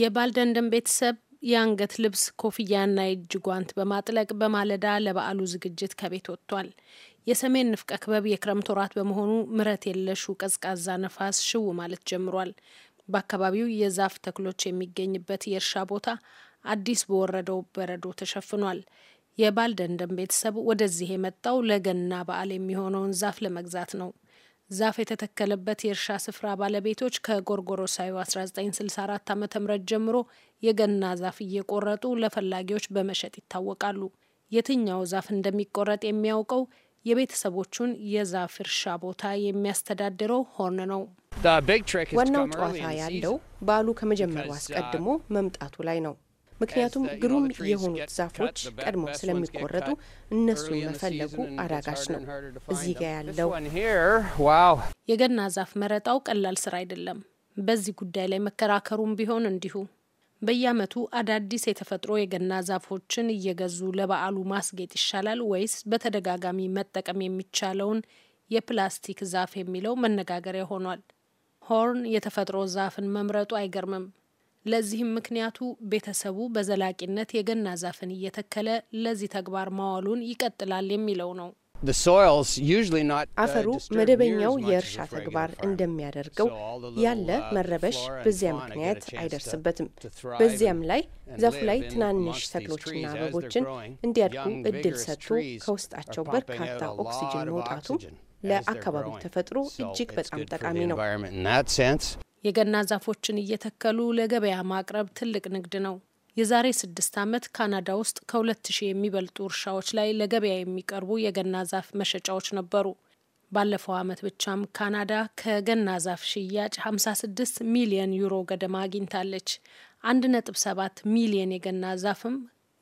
የባልደንደን ቤተሰብ የአንገት ልብስ ኮፍያና የእጅ ጓንት በማጥለቅ በማለዳ ለበዓሉ ዝግጅት ከቤት ወጥቷል። የሰሜን ንፍቀ ክበብ የክረምት ወራት በመሆኑ ምረት የለሹ ቀዝቃዛ ነፋስ ሽው ማለት ጀምሯል። በአካባቢው የዛፍ ተክሎች የሚገኝበት የእርሻ ቦታ አዲስ በወረደው በረዶ ተሸፍኗል። የባልደንደን ቤተሰብ ወደዚህ የመጣው ለገና በዓል የሚሆነውን ዛፍ ለመግዛት ነው። ዛፍ የተተከለበት የእርሻ ስፍራ ባለቤቶች ከጎርጎሮሳዊ 1964 ዓ ም ጀምሮ የገና ዛፍ እየቆረጡ ለፈላጊዎች በመሸጥ ይታወቃሉ። የትኛው ዛፍ እንደሚቆረጥ የሚያውቀው የቤተሰቦቹን የዛፍ እርሻ ቦታ የሚያስተዳድረው ሆን ነው። ዋናው ጨዋታ ያለው በዓሉ ከመጀመሩ uh, አስቀድሞ መምጣቱ ላይ ነው። ምክንያቱም ግሩም የሆኑት ዛፎች ቀድሞ ስለሚቆረጡ እነሱን መፈለጉ አዳጋች ነው። እዚህ ጋ ያለው የገና ዛፍ መረጣው ቀላል ስራ አይደለም። በዚህ ጉዳይ ላይ መከራከሩም ቢሆን እንዲሁ በየዓመቱ አዳዲስ የተፈጥሮ የገና ዛፎችን እየገዙ ለበዓሉ ማስጌጥ ይሻላል ወይስ በተደጋጋሚ መጠቀም የሚቻለውን የፕላስቲክ ዛፍ የሚለው መነጋገሪያ ሆኗል። ሆርን የተፈጥሮ ዛፍን መምረጡ አይገርምም። ለዚህም ምክንያቱ ቤተሰቡ በዘላቂነት የገና ዛፍን እየተከለ ለዚህ ተግባር ማዋሉን ይቀጥላል የሚለው ነው። uh, አፈሩ መደበኛው የእርሻ ተግባር እንደሚያደርገው ያለ መረበሽ በዚያ ምክንያት አይደርስበትም። በዚያም ላይ ዛፉ ላይ ትናንሽ ተክሎችና አበቦችን እንዲያድጉ እድል ሰጥቶ ከውስጣቸው በርካታ ኦክሲጅን መውጣቱም ለአካባቢው ተፈጥሮ እጅግ በጣም ጠቃሚ ነው። የገና ዛፎችን እየተከሉ ለገበያ ማቅረብ ትልቅ ንግድ ነው። የዛሬ ስድስት ዓመት ካናዳ ውስጥ ከሁለት ሺህ የሚበልጡ እርሻዎች ላይ ለገበያ የሚቀርቡ የገና ዛፍ መሸጫዎች ነበሩ። ባለፈው ዓመት ብቻም ካናዳ ከገና ዛፍ ሽያጭ 56 ሚሊየን ዩሮ ገደማ አግኝታለች። 1.7 ሚሊየን የገና ዛፍም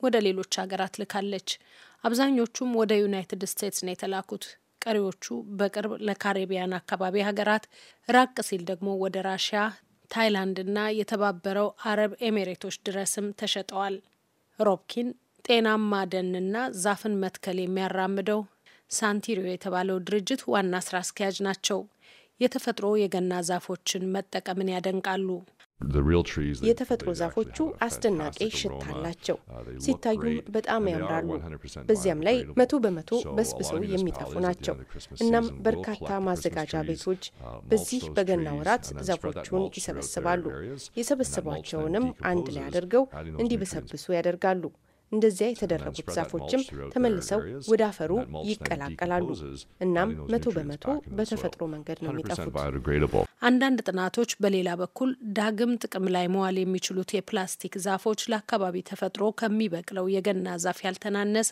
ወደ ሌሎች ሀገራት ልካለች። አብዛኞቹም ወደ ዩናይትድ ስቴትስ ነው የተላኩት። ቀሪዎቹ በቅርብ ለካሪቢያን አካባቢ ሀገራት፣ ራቅ ሲል ደግሞ ወደ ራሽያ፣ እና የተባበረው አረብ ኤሚሬቶች ድረስም ተሸጠዋል። ሮብኪን ጤናማ ደንና ዛፍን መትከል የሚያራምደው ሳንቲሪዮ የተባለው ድርጅት ዋና ስራ አስኪያጅ ናቸው። የተፈጥሮ የገና ዛፎችን መጠቀምን ያደንቃሉ። የተፈጥሮ ዛፎቹ አስደናቂ ሽታ አላቸው፣ uh, ሲታዩም በጣም ያምራሉ። በዚያም ላይ መቶ በመቶ በስብሰው የሚጠፉ ናቸው። እናም በርካታ ማዘጋጃ ቤቶች uh, በዚህ በገና ወራት ዛፎቹን ይሰበስባሉ። የሰበሰቧቸውንም አንድ ላይ አድርገው እንዲበሰብሱ ያደርጋሉ። እንደዚያ የተደረጉት ዛፎችም ተመልሰው ወደ አፈሩ ይቀላቀላሉ። እናም መቶ በመቶ በተፈጥሮ መንገድ ነው የሚጠፉት። አንዳንድ ጥናቶች በሌላ በኩል ዳግም ጥቅም ላይ መዋል የሚችሉት የፕላስቲክ ዛፎች ለአካባቢ ተፈጥሮ ከሚበቅለው የገና ዛፍ ያልተናነሰ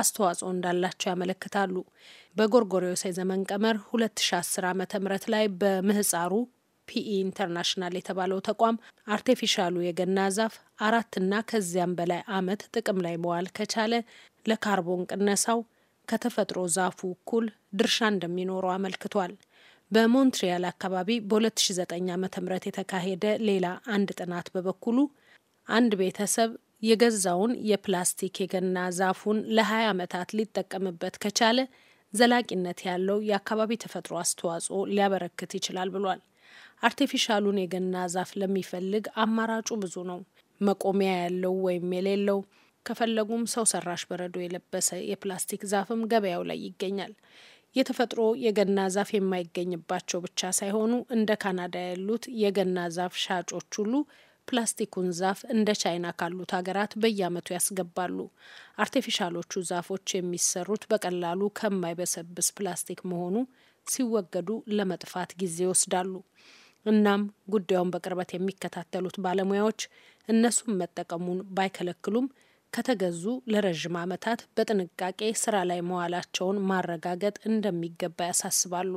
አስተዋጽኦ እንዳላቸው ያመለክታሉ። በጎርጎሪዮሳዊ ዘመን ቀመር 2010 ዓ ም ላይ በምህፃሩ ፒኢ ኢንተርናሽናል e የተባለው ተቋም አርቴፊሻሉ የገና ዛፍ አራትና ከዚያም በላይ ዓመት ጥቅም ላይ መዋል ከቻለ ለካርቦን ቅነሳው ከተፈጥሮ ዛፉ እኩል ድርሻ እንደሚኖረው አመልክቷል። በሞንትሪያል አካባቢ በ2009 ዓ.ም የተካሄደ ሌላ አንድ ጥናት በበኩሉ አንድ ቤተሰብ የገዛውን የፕላስቲክ የገና ዛፉን ለ20 ዓመታት ሊጠቀምበት ከቻለ ዘላቂነት ያለው የአካባቢ ተፈጥሮ አስተዋጽኦ ሊያበረክት ይችላል ብሏል። አርቲፊሻሉን የገና ዛፍ ለሚፈልግ አማራጩ ብዙ ነው። መቆሚያ ያለው ወይም የሌለው ከፈለጉም ሰው ሰራሽ በረዶ የለበሰ የፕላስቲክ ዛፍም ገበያው ላይ ይገኛል። የተፈጥሮ የገና ዛፍ የማይገኝባቸው ብቻ ሳይሆኑ እንደ ካናዳ ያሉት የገና ዛፍ ሻጮች ሁሉ ፕላስቲኩን ዛፍ እንደ ቻይና ካሉት ሀገራት በየዓመቱ ያስገባሉ። አርቲፊሻሎቹ ዛፎች የሚሰሩት በቀላሉ ከማይበሰብስ ፕላስቲክ መሆኑ ሲወገዱ ለመጥፋት ጊዜ ይወስዳሉ። እናም ጉዳዩን በቅርበት የሚከታተሉት ባለሙያዎች እነሱን መጠቀሙን ባይከለክሉም ከተገዙ ለረዥም ዓመታት በጥንቃቄ ስራ ላይ መዋላቸውን ማረጋገጥ እንደሚገባ ያሳስባሉ።